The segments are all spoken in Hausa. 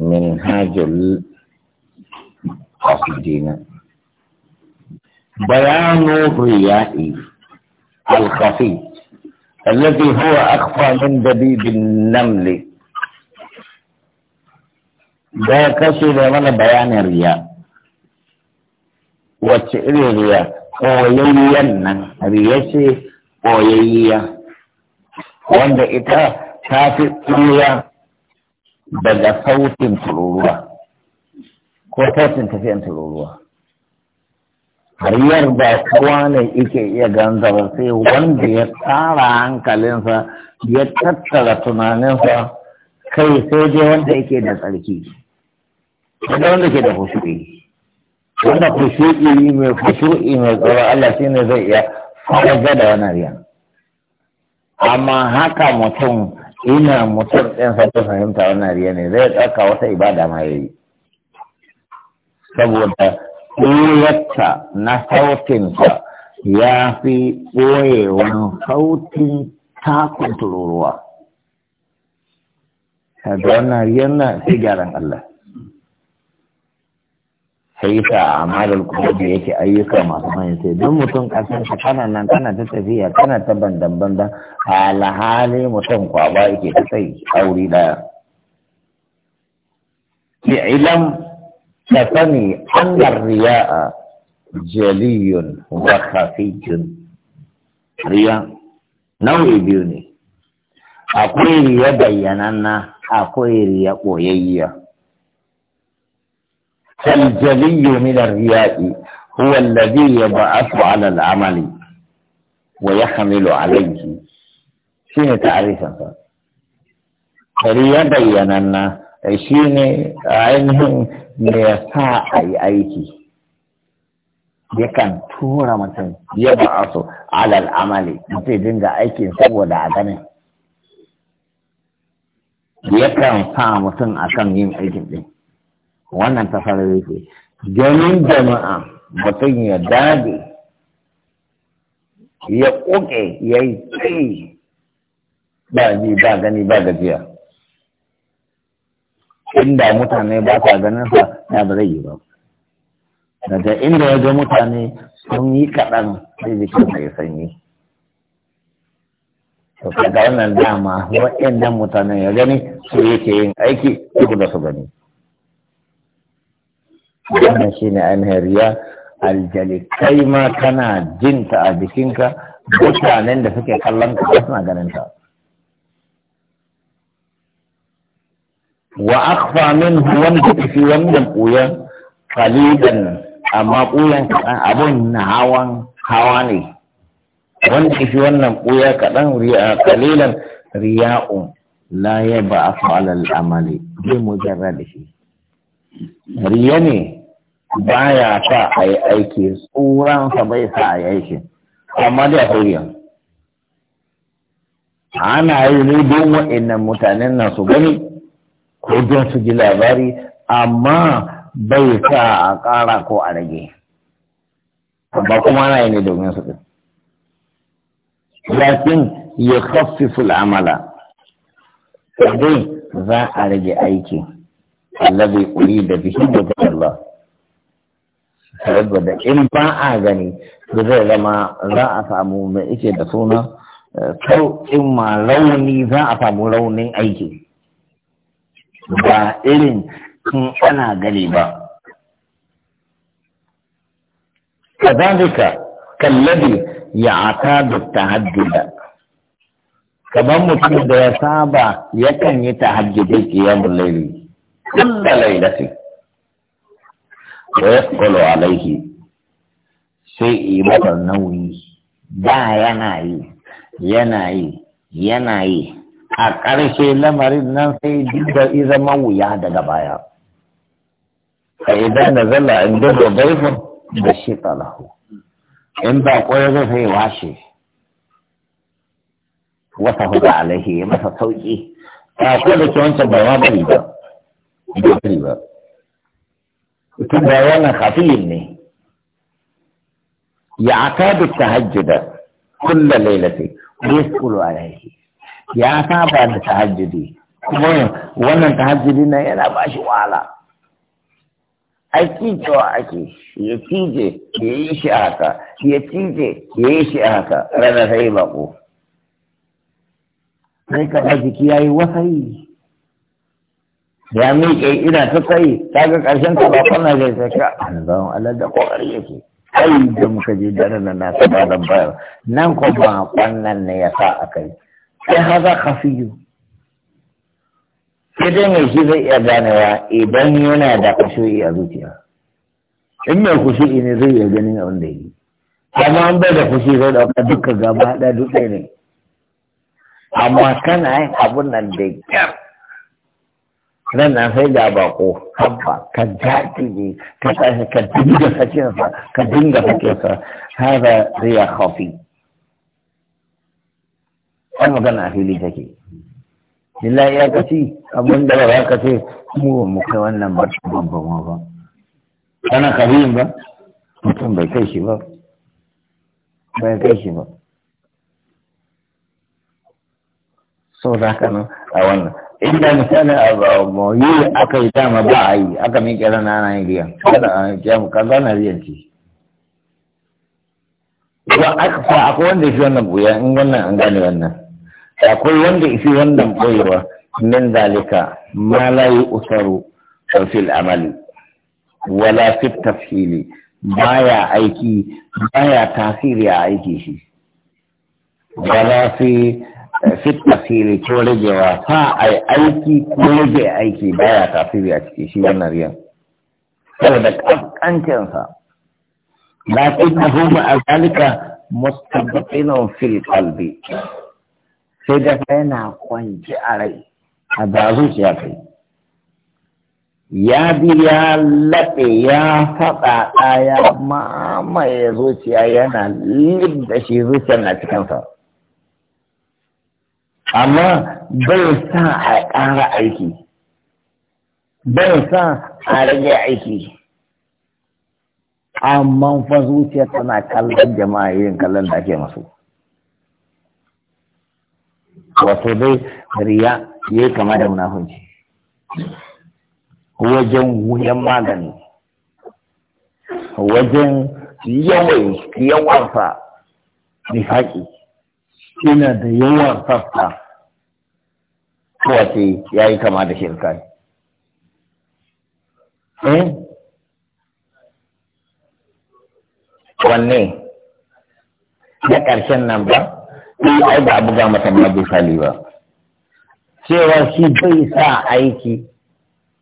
منهاج القصدين بيان الرياء الخفي الذي هو أخفى من دبيب النمل ده كشف من بيان الرياء وشئر الرياء قويا ريشي قويا وعند إتا كافي قويا daga sautin tururuwa ko sautin tafiyan tururuwa har yar ba kowa ne yake iya ganzara sai wanda ya tsara hankalinsa ya tattara tunaninsa kai sai dai wanda yake da tsarki wanda wanda ke da kusuri wanda kusuri mai kusuri mai tsoro Allah shi ne zai iya fara da wani riya amma haka mutum ina mutum ɗin sai ta fahimta wannan riya ne zai ɗauka wata ibada ma yayi saboda ɓoyarta na sautinsa ya fi ɓoyewan sautin takun tururuwa. Kaga wannan riyan na sai gyaran Allah. sai sa kuma da yake ayyuka masu mahimmanci sai don mutum kasan ka kana nan kana ta tafiya kana ta bandan bandan alhali mutum kwaba yake ta tsayi wuri daya ki ilam ka sani annar riya'a jaliyun wa khafijun riya nau'i biyu ne akwai riya bayyananna akwai riya koyayya فالجلي من الرياء هو الذي يبعث على العمل ويحمل عليه شنو تعريفا riya bayyananna shi ne ليساء da ya sa a yi aiki yakan tura mutum ya ba a so alal amali mutum dinga aikin saboda a ganin yakan sa mutum akan yin aikin ɗin wannan ta fara rufe ganin jama'a mutum ya dade ya koke ya yi tsaye ba ji ba gani ba gajiya inda mutane ba sa ganin sa ya ba zai yi ba daga inda ya ga mutane sun yi kaɗan sai jikin mai sanyi to kaga wannan dama waɗannan mutanen ya gani su yake yin aiki duk da su gani wannan shi ne ainihin riya aljali kai ma kana jinta a jikinka mutanen da suke kallon ka suna ganin ta wa akfa min wanda fi wannan ɓuyan kalidan amma ɓuyan kaɗan abin na hawan hawa ne wanda fi wannan koya kaɗan kalilan riya'un la ya ba a fa'alar amali mujarra da shi riya ne baya sa a yi aiki tsoronsa bai sa a yi aiki amma da huriya ana yi ne don wa'annan mutanen na su gani ko don su ji labari amma bai sa a ƙara ko a rage ba kuma ana yi ne domin su ɗin lakin ya kafi fulamala sai za a rage aiki ƙuri da bihi da Allah saboda in ba a gani da zai zama za a samu mai ike da suna eh, in ma launi za a samu launin aiki ba irin in ana gani ba kazalika kallabi ya ata da tahaddida kamar mutum da ya saba yakan yi tahajjudai qiyamul layli kullu lailatin wa yasqulu alaihi sai yi maka nauyi da yana yi yana yi yana yi a ƙarshe lamarin nan sai da zama wuya daga baya a idan da zalla in da baifin da shi talahu in ba kwaya zai sai washe wata hudu alaihi masa sauƙi ta ko da ke wancan bai wata bari ba tun da wannan hafiyin ne ya ta tahajjuda kulla lailati yasqulu alayhi ya saba da tahajjudi kuma wannan tahajjudi na yana ba shi wahala ai to ake ya cije ya yi shi haka ya cije ya yi shi haka rana sai bako sai ka jiki ya yi wasayi ya miƙe ina ta tsayi ta ga ƙarshen ta ba kwanar zai ta ka an zama Allah da ƙoƙari yake kai da muka je da na nasa ba zan bayar nan ko ba kwannan ne ya sa a kai sai haza yi. sai dai mai shi zai iya ganewa idan yana da kusuri a zuciya in mai kusuri ne zai iya ganin abin da yi amma an bai da kusuri zai dauka duka gaba ɗaya duk ne amma kana yin abun nan da kyar nan na sai da bako haba ka ne ka tashi ka dinga sa ka dinga sakinsa haza riya khafi an magana a fili take lillahi ya kaci abin da ba ka ce mu mu kai wannan ba ban ba ma ba kana kabirin ba mutum bai kai shi ba bai kai shi ba sau za ka nan a wannan inda misali a yi aka yi dama ba a yi aka min kera na ana yin riyan kada a ka zana riyan ce ba akwai wanda ya fi wannan buya in wannan an gane wannan akwai wanda ya fi wannan boyewa min zalika ma la yi usaru fil amali wala fi tafhili baya aiki baya tasiri a aiki shi wala fi eh, fit tasiri ko ragewa sa a aiki ko rage aiki baya tasiri a ciki shi wannan riyan saboda kankancinsa la tattahu ma azalika mustabatinun fil kalbi. sai da yana kwanci a rai a zuciya kai ya bi ya laɓe ya faɗaɗa ɗaya mamaye zuciya yana libda shi zuciya na cikinsa amma bai sa a ƙara aiki bai sa a rage aiki amma fa zuciya tana kallon jama'a yin kallon da ake masu wato dai riya ya yi kama da munafunci wajen wuyan magani wajen yawan yawansa nifaƙi yana da yawan sassa kowace ya yi kama da shirka eh wanne da ƙarshen nan ba ɗin ai ba a buga mata ma misali ba cewa shi bai sa aiki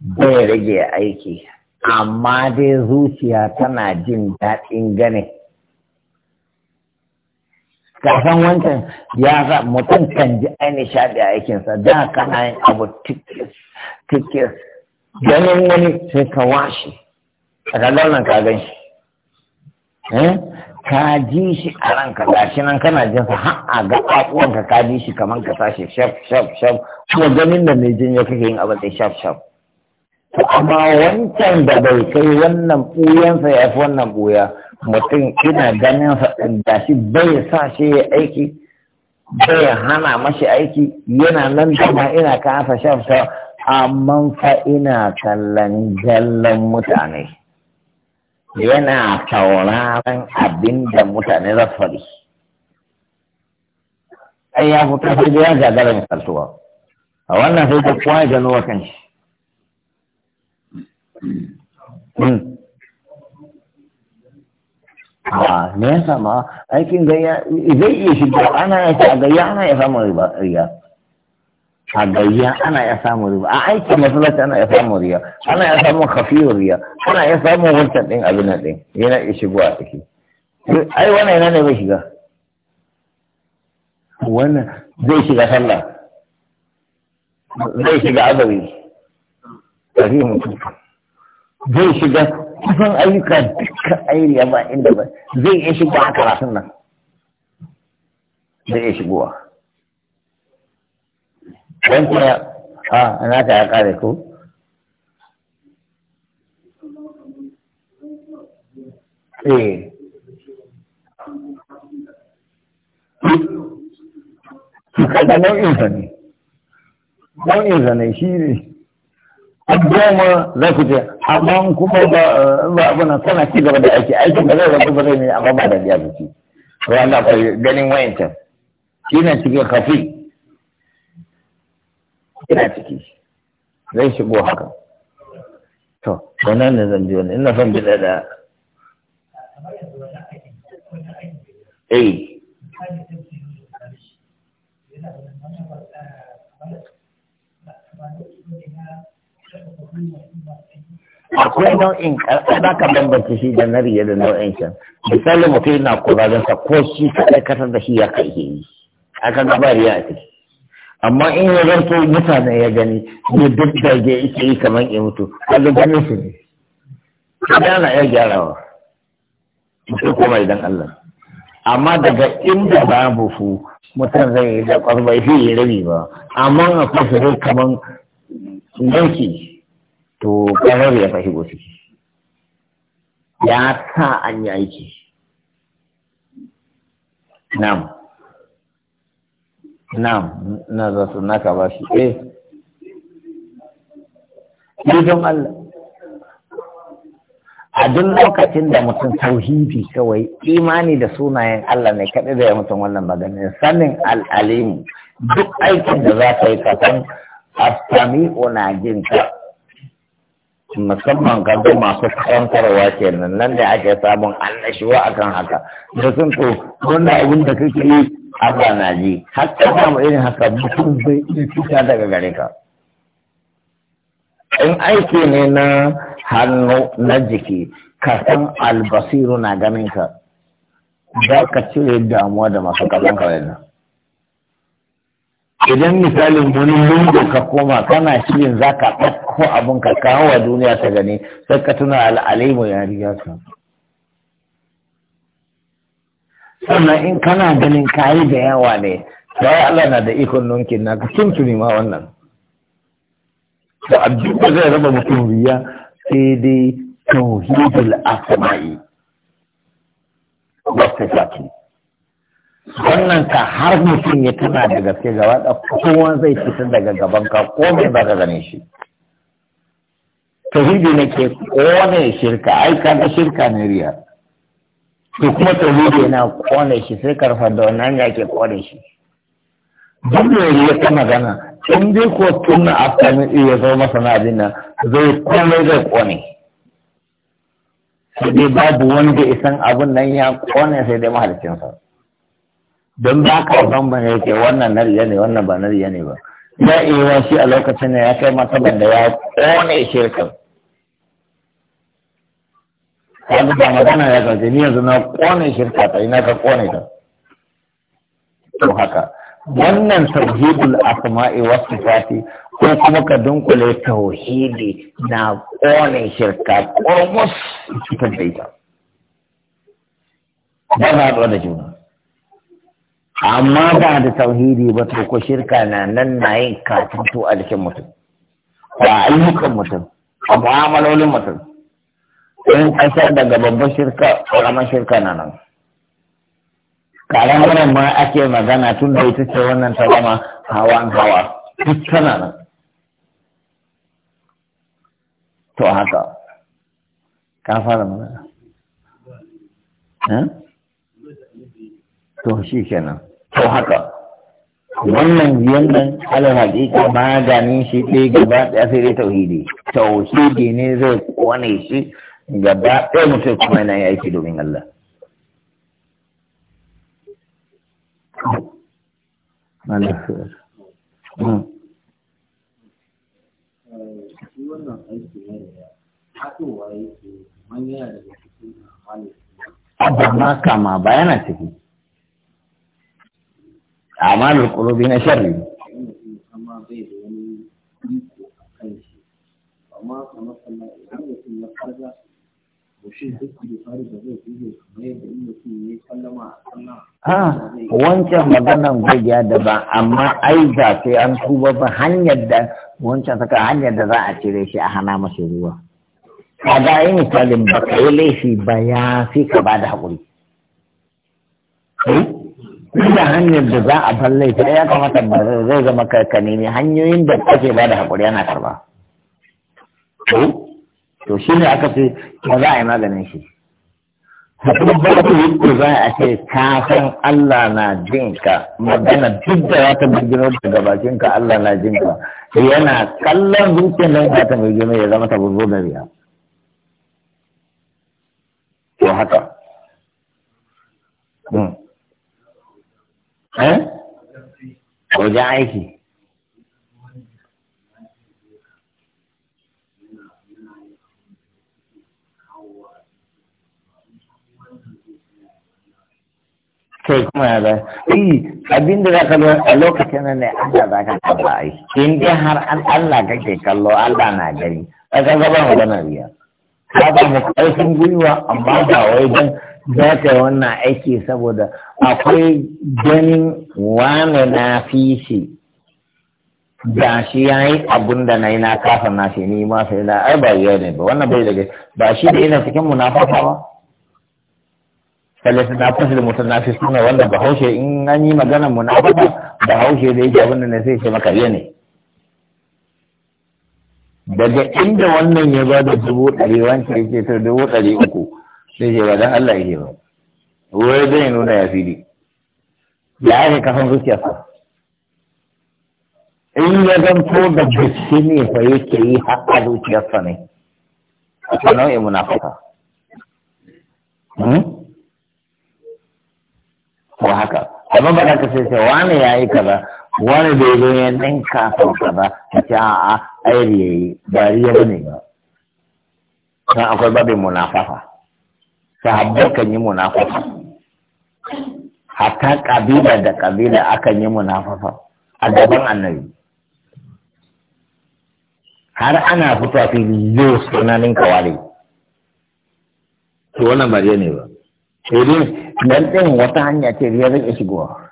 bai rage aiki amma dai zuciya tana jin daɗin ganin kasan wancan ya za mutum kan ji ai nishaɗi a aikinsa da kana yin abu tikis tikis ganin wani sai ka washe a ka ka gan shi eh? ka ji shi a ranka gashi nan kana jin sa har a ga abuwanka ka ji shi kamar ka tashi shaf shaf shaf kuma ganin da mai jin ya kake yin abin sai shaf shaf amma wancan da bai kai wannan ɓuyansa ya fi wannan ɓuya mutum ina ganin sa, da shi bai sa shi ya aiki bai hana mashi aiki yana nan dama ina kasa shan sa amma fa ina kallon jallon mutane yana tauraron abin da mutane za su faɗi ai ya fi sai da ya gagara kasuwa a wannan sai da kwaye gano wa kanshi Hmm. a ah, me sama aikin gayya zai iya shiga ana ya a gayya ana ya samu riya a gayya ana ya samu riba a aikin masallaci ana ya samu riya ana ya samu kafiyar riya ana ya samu wancan din abin nan din yana iya shigo a ciki ai wannan yana ne bai shiga wannan zai shiga sallah zai shiga azumi tare mutum zai shiga kusan ayyuka dukkan ayyuka ba inda ba zai iya shiga a karatun nan zai iya shigowa don kuma a na ta ya kare ko eh kaga nau'in zane nau'in zane shi ne goma za ku ce amma kuma ba abuna sana ci gaba da aiki aikin da zai rabu zai ne amma ba da biya zuci ran da kai ganin wayancan yana cikin kafi ina ciki zai shigo haka to wannan ne zan ji wani ina son bi da eh Thank you. akwai nau'in za ka bambance shi da na riya da nau'in shan misali mutum yana sa ko shi kaɗai kasar da shi ya kai ke yi aka gaba riya a ciki amma in ya zanto mutane ya gani ne duk da ya ike yi kamar ya mutu kallon ganin su ne na iya gyarawa mutum kuma idan Allah amma daga inda babu fu mutum zai yi da bai fi yi rabi ba amma akwai su kamar yanki to kwanar ya fahimci ciki ya sa an yi aiki nam nam na za su naka ba shi eh don Allah a duk lokacin da mutum tauhidi kawai imani da sunayen Allah ne kaɗai da ya mutum wannan maganin sanin al'alimu duk aikin da za ka yi kasan asami'u na jin ka musamman kaga masu karantarwa kenan nan da ake samun annashuwa akan haka da sun to wanda abin da kake yi a na ji har ka irin haka mutum zai iya fita daga gare ka in aiki ne na hannu na jiki ka san albasiru na ganin ka za ka cire damuwa da masu kallon ka idan misalin wani lungu ka koma kana shirin za ka ɗauko abin ka kawo wa duniya ta gani sai ka tuna al'alimu ya riga ka sannan in kana ganin kayi da yawa ne sai Allah na da ikon nunkin na ka tuni ma wannan to abin da zai raba mutum riya sai dai tauhidul asma'i wasu sifati wannan ka har mutum ya tana da gaske gaba da kowa zai fita daga gaban ka ko mai za ka gane shi tauhidi na ke kone shirka ai kaga shirka ne riya to kuma tauhidi yana kone shi sai karfa da wannan ya ke kone shi duk da ya ta magana in dai ko tunna afkani iya zo masa na abin nan zai komai zai kone sai dai babu wanda isan abin nan ya kone sai dai mahalicinsa. don ba ka bambana yake wannan na riya ne wannan ba na riya ne ba ya iya shi a lokacin da ya kai matsalar da ya kone shirkin kaga ba magana ya kace ni yanzu na kone shirka ta ina ka kone ta to haka wannan tauhidul asma'i was sifati ko kuma ka dunkule tauhidi na kone shirka kurmus cikin da ita ba na da juna amma ba da tauhidi ba to ko shirka na nan na yin to a jikin mutum a ayyukan mutum a mu'amalolin mutum in kasa daga babban shirka ƙaramin shirka na nan ƙaramin ma ake magana tun da ita ce wannan ta zama hawan hawa duk tana nan to haka ka fara magana eh? to shi kenan to haka wannan nan, alal haƙiƙa maganin shi ɗaya gaba ɗaya sai dai tauhidi tauhidi ne zai kone shi gaba ɗaya mutum kuma yana aiki domin Allah hmm. Abba ma kama ba yana ciki. amalul qulubi na sharri wancan maganan gajiya da ba, amma ai za sai an tuba ba hanyar da wancan saka hanyar da za a cire shi a hana masa ruwa. Ka ga yi misalin ba ka yi laifi ba ya fi ka ba da haƙuri. Hmm? da hanyar da za a balle ta ya kamata ba zai zama karkane ne hanyoyin da kake ba da haƙuri ana karba to shi ne aka ce ta za a yi maganin shi haƙuri ba ta yi ko za a ce kafin Allah na jin ka magana duk da ya ta bugino daga bakin ka Allah na jin ka yana kallon zuciyar nan ya ta bugino ya zama ta buzo da riya to haka hmm. eh wajen aiki sai kuma ya da yi abin da zaka zo a lokacin nan ne Allah za ka kalla a yi in dai har Allah kake kallo Allah na gani a ka gaba mu gana biya ka ba mu karfin gwiwa amma ba wai dan za ta yi wannan aiki saboda akwai ganin wane na fi shi da shi ya yi abin da na yi na kafa na shi ni ma sai na ai ba yau ne ba wannan bai daga ba shi da yana cikin munafasa ba salisu na da mutum na fi suna wanda ba haushe in an yi magana ba haushe da yake abin da na sai shi maka ne daga inda wannan ya ba da dubu ɗari wancan ya ce ta dubu ɗari uku sai ce ba dan Allah yake ba wai zai nuna ya fili ya ake kafan zuciyarsa in ya zanto da gaske ne fa yake yi haka zuciyarsa ne a ta nau'in munafaka hmm? ko haka amma ba ka sai sai wani ya yi kaza wani bai zo ya ninka sau kaza A ce a'a airi ya yi Bari ya ba ne ba kan akwai babin munafaka sahabbai kan yi munafafa hatta kabila da kabila akan yi munafafa a gaban annabi har ana fitowa fili yau sunanin kawale to wannan ba ne ba sai dai dan din wata hanya ce riya zai shigowa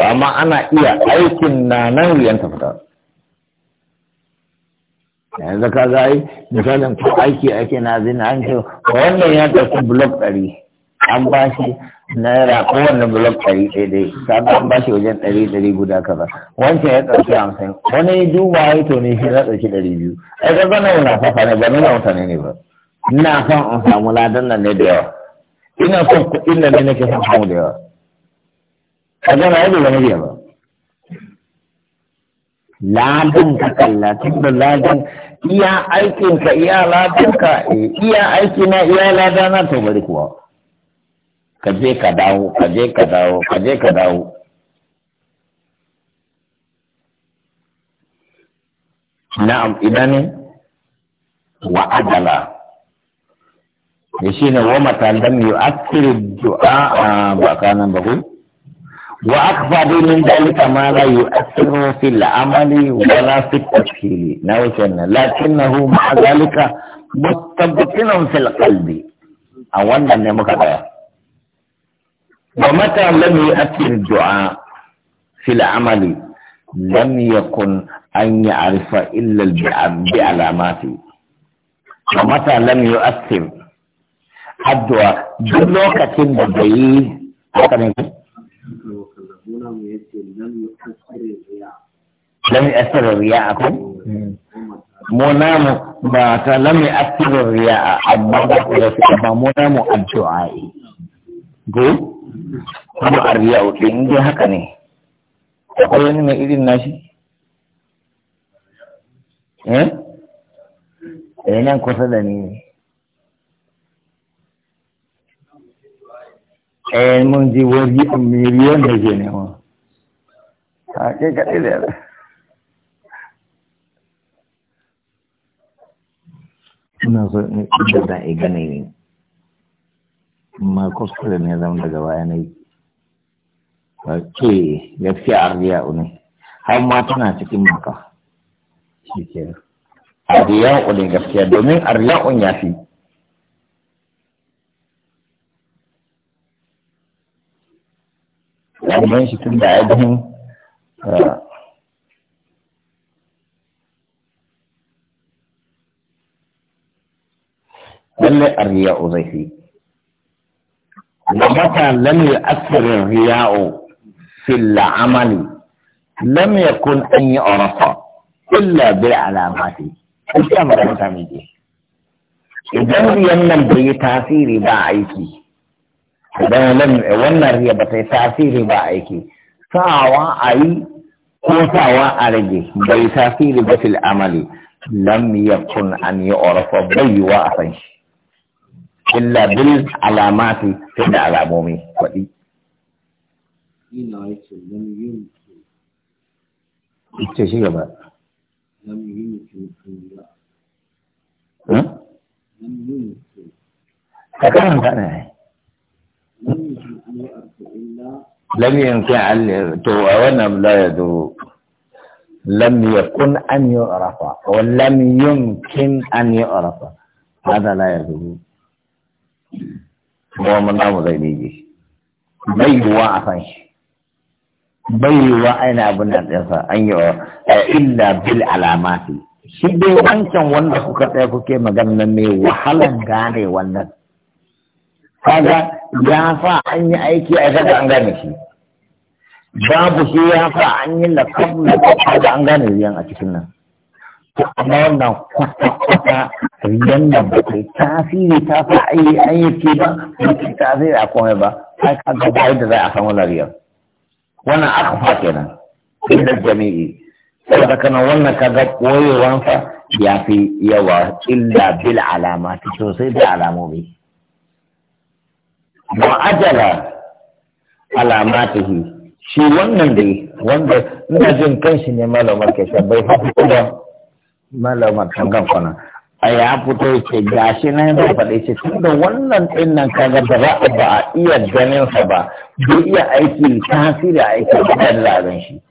amma ana iya aikin na nan riyan ta yanzu ka ga ai misalin ko aiki ake na zina an ce wannan ya tafi blok ɗari an ba shi naira kowane blok ɗari daidai kaga an ba shi wajen ɗari ɗari guda kaza wancan ya ɗauki hamsin wani ya duba ya to ne shi na ɗauki ɗari biyu ai ka zana wani fafa ne ba nuna mutane ne ba ina son in samu ladan nan ne da yawa ina son kuɗin da ne nake son samu da yawa ka zana ya bai zama ba ladan ka kalla tun da ladan iya aikin ka iya ladanka iya aiki na iya ladana to bari kuwa ka je ka dawo ka je ka dawo ka je ka dawo na'am idan wa adala shi ne wa matan dam yu'akkiru du'a ba kana ba ku واكبر من ذلك ما لا يؤثر في العمل ولا في التفكير نوشن نعم، لكنه مع ذلك مستبطن في القلب أولا نمكتا ومتى لم يؤثر الدعاء في العمل لم يكن أن يعرف إلا بعلامات ومتى لم يؤثر الدعاء دلوك كنت lam yasir riya'akum mu namu ba ta lam yasir amma ba ku da su ba mu namu addu'a go kuma arriya'u din dai haka ne akwai wani mai irin nashi eh? eh nan kusa da ni ne eh mun ji wani miliyan da ke nema a kai kaɗai da yara ina so in da za a gane ne amma kuskure ne zama daga baya na yi ke gaskiya arziya ne har ma tana cikin maka shi ke arziya ne gaskiya domin arziya ya fi wannan shi tun da ainihin ah, الرياء ذهي ومتى لم يؤثر الرياء في العمل لم يكن أي عرفة إلا بالعلامات أنت أمر مساميدي إذا لم تأثير باعيك إذا لم ولا هي بتأثير باعيك فأوى أي وفوا عليه بتأثير بس العمل لم يكن أن يعرف بي واحد إلا بالعلامات alamati العمومي da alamomi faɗi ce shi لم يمكن أن لم يكن أن يعرف ولم يمكن أن يعرف هذا لا يدور kuma mun namu zai daidai bai yiwuwa a san shi bai yiwuwa aina abin da ɗansa an yi illa bil alamati shi dai wancan wanda kuka tsaya kuke magana ne mai wahalan gane wannan kaga ya sa an yi aiki a kaga an gane shi babu shi ya sa an yi lakab na kaga an gane riyan a cikin nan amma wannan kwata-kwata riyan da ba kai tasiri ta fi ayyuki ba ba ta tasiri a komai ba ai ka ga ba da za a samu lariyar wannan aka fa kenan inda jami'i da kana wannan ka ga koyewansa ya fi yawa illa bil alama ta sosai da alamomi ba ajala alamatihi shi wannan dai wanda ina jin kanshi ne malamar kashe bai fi da malamar tangan kwana a ya fito ce gashi nan da faɗi ce da wannan ɗin nan kaga da ba a ba a iya ganin sa ba bai iya aiki da aiki da labarin shi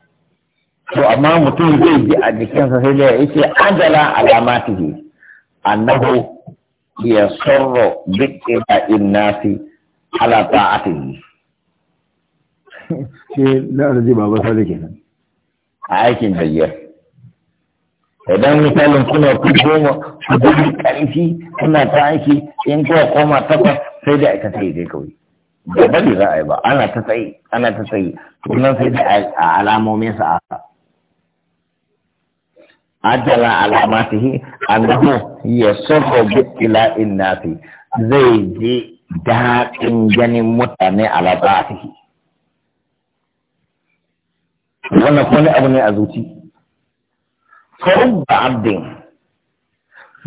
to amma mutum zai ji a jikinsa sai dai ce ajala alamatihi annahu yasurru bi qita'in nasi ala ta'atihi shi na da ba ba sai kenan a aikin bayyana idan misalin kuna ku goma ku gudu ƙarfi kuna ta aiki in kuwa koma takwas sai da aka sai dai kawai da bari za a yi ba ana ta sai. ana ta tunan sai da a alamomin sa aka ajala alamatihi annahu yasarru bi ila'in nafi zai je daɗin ganin mutane ala ba'atihi wannan kuma abu ne a zuci. فرب عبد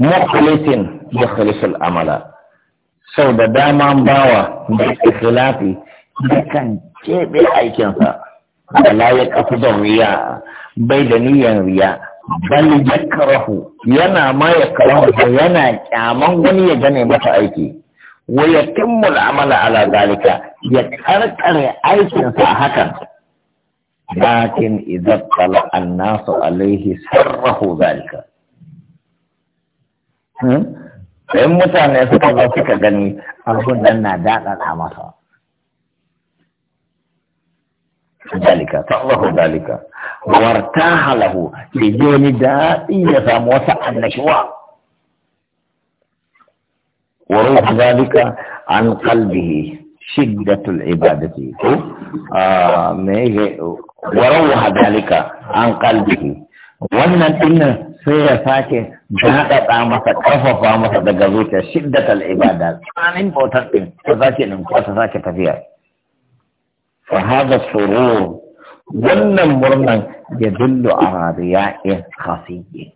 da يخلص Amala, sau da dama bawa da da kan keɓe aikinsa da laye kafi don riya bai da niyan riya da yakrahu yana ma da yana kyaman wani ya gane masa aiki wa yatimmu Amala ala zalika ya karkare aikinsa a hakan لكن إذا اطلع الناس عليه سره ذلك إن متى الناس الله فيك قلني أقول ذلك تالله ذلك وارتاح له لجون دائي يسام وسع النشوى وروح ذلك عن قلبه shiddatul ibadati ko ah, me yake wa dalika an kalbi. wannan din sai ya sake da masa ƙafafa masa daga zuciya shiddatul ibada tsanin bautar din sake nan. ko sake tafiya fa hada surur wannan murnan ya dullu a riya'in khafiyyin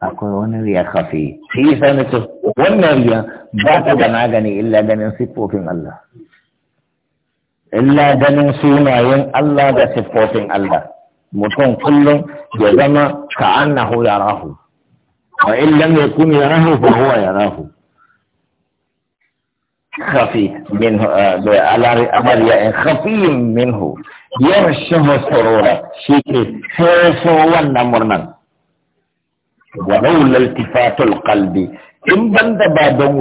akwai wani riya kafi shi yasa na ce wannan riya ba ta da magani illa ganin siffofin Allah illa ganin sunayen Allah da siffofin Allah mutum kullum ya zama ka annahu yarahu wa in lam yakun yarahu fa huwa yarahu خفي منه على عمل خفي منه يرشه سرورا شيكي خيفو ونمرنا ولولا التفات القلب إن بند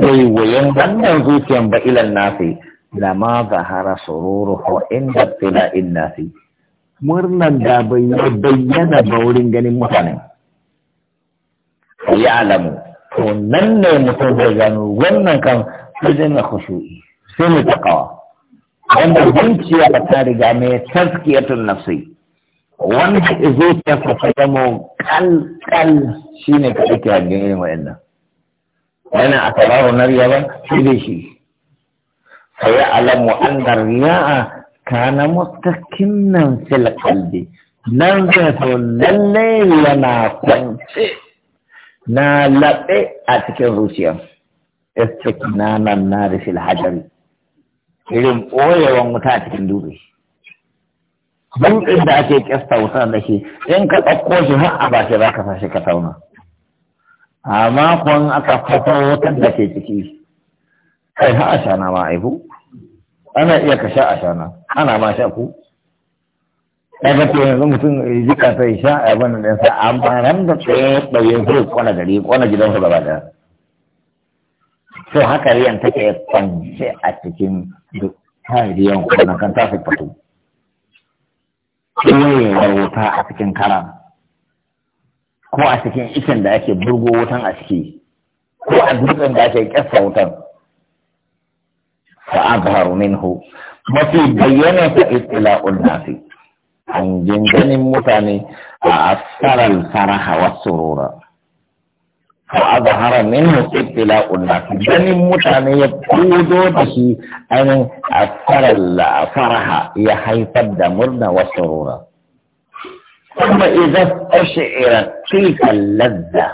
وي ويوين بند زوجيا إلى الناس لما ظهر سروره عند ابتلاء الناس مرنا دابي بين بولين جني متنين فيعلم ونن متوجهان ونن كان فزن خشوعي سمي تقوى عند zuciya ba ta riga تزكيه taskiyatun wanda zuciyarsa ta zama kalkal shi ne ka ɗauke a gini wa'annan Yana a tabaru na riya ba shi dai shi Sai ya alamu anna riya'a kana mustakinnan fil qalbi nan zai so lalle yana kwance na laɓe a cikin zuciya istiknanan na da fil irin ɓoyewan wuta a cikin dutse dutsen da ake kyasta wuta da shi in ka ɗauko shi har a ba shi za ka sashi ka tauna amma kun aka fata wutar da ke ciki kai ha shana ma aihu ana iya ka sha shana, ana ma sha ku ya ga to yanzu mutum ya ji ka sai sha a yabon da sa amma ran da ke ɗauye zai kwana gari kwana gidan su gaba ɗaya to haka riyan take kwance a cikin duk ta riyan kwana kan ta fatu kewaye wuta a cikin karan ko a cikin ikin da ake burgo wutan a ciki ko a dutsen da ake kyasa wutan fa azharu minhu mafi bayyana ta istila'ul nasi an jinganin mutane a asarar faraha wasu rura فأظهر منه ابتلاء الناس بني متن يقودوا به أن أثر الفرح حيث الدمرن وسرورا ثم إذا استشعر تلك اللذة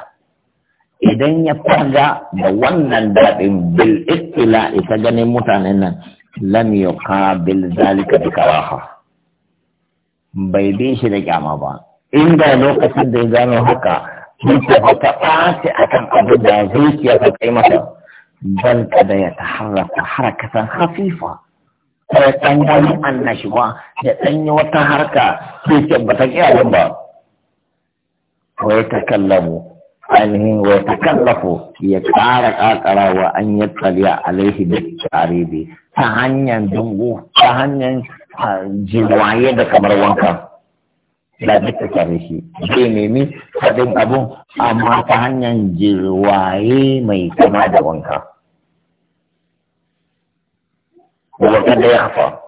إذا يفرج دونا الباب بالابتلاء فجني متن لم يقابل ذلك بكراهة بيديش لك يا مبان إن ذا لوقت الديزان هكا duka ba ta ɓace a kan abu da zuciya ta kai masa bal da ya ta harraka harakatan hafifa ta ɗan gani annashuwa ya ɗan yi wata harka sai ce ba ta kiyaye ba wa ta takallamu ainihin wa ta kallafu ya ƙara wa an yi tsariya alaihi da tsaribi ta hanyar dungu ta hanyar ah, jiwaye da kamar wanka. da duka kare shi zai nemi haɗin abun amma ta hanyar jirwaye mai kama da wanka wata da ya fa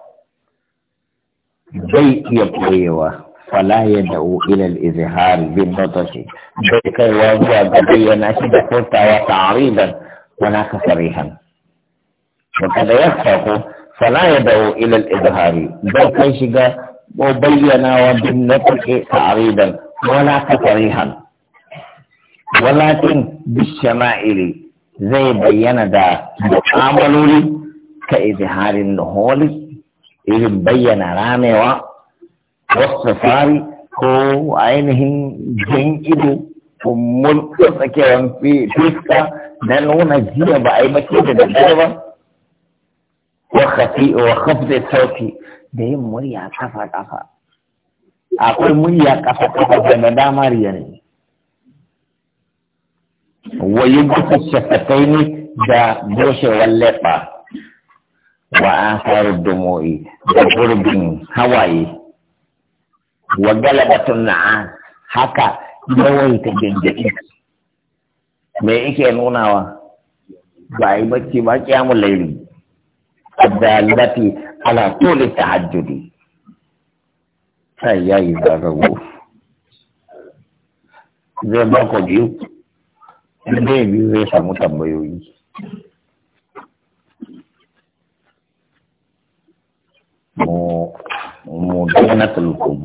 bai iya koyewa fala ya da'u ilal izhar bin natashi bai kaiwa zuwa ga bayyana shi da furtawa ta'aridan wala ka sarihan wata da ya fa fala ya da'u ilal izhari bai kai shiga وبينا وبالنطق تعريضا ولا تصريحا ولكن بالشمائل زي بينا دا معاملولي كإظهار النهول إذ بينا رامي والصفاري هو عينهم جن إدو mulkin tsakiyar fiska na nuna jiya ba a yi mace da daddare ba wa khafi wa khafda sauti da yin murya kafa kafa akwai murya kafa kafa da na dama riya ne wayi gusa shakatai ne da doshewar leɓa wa an sayar dumo'i da gurbin hawaye wa galabatun na'a haka yawaita gengedi me yake nunawa ba yi bacci ba kiyamun laili الدالة على طول التعجد فيا يبرغو zai mako biyu zai biyu zai samu tambayoyi mu mu dana tulkubu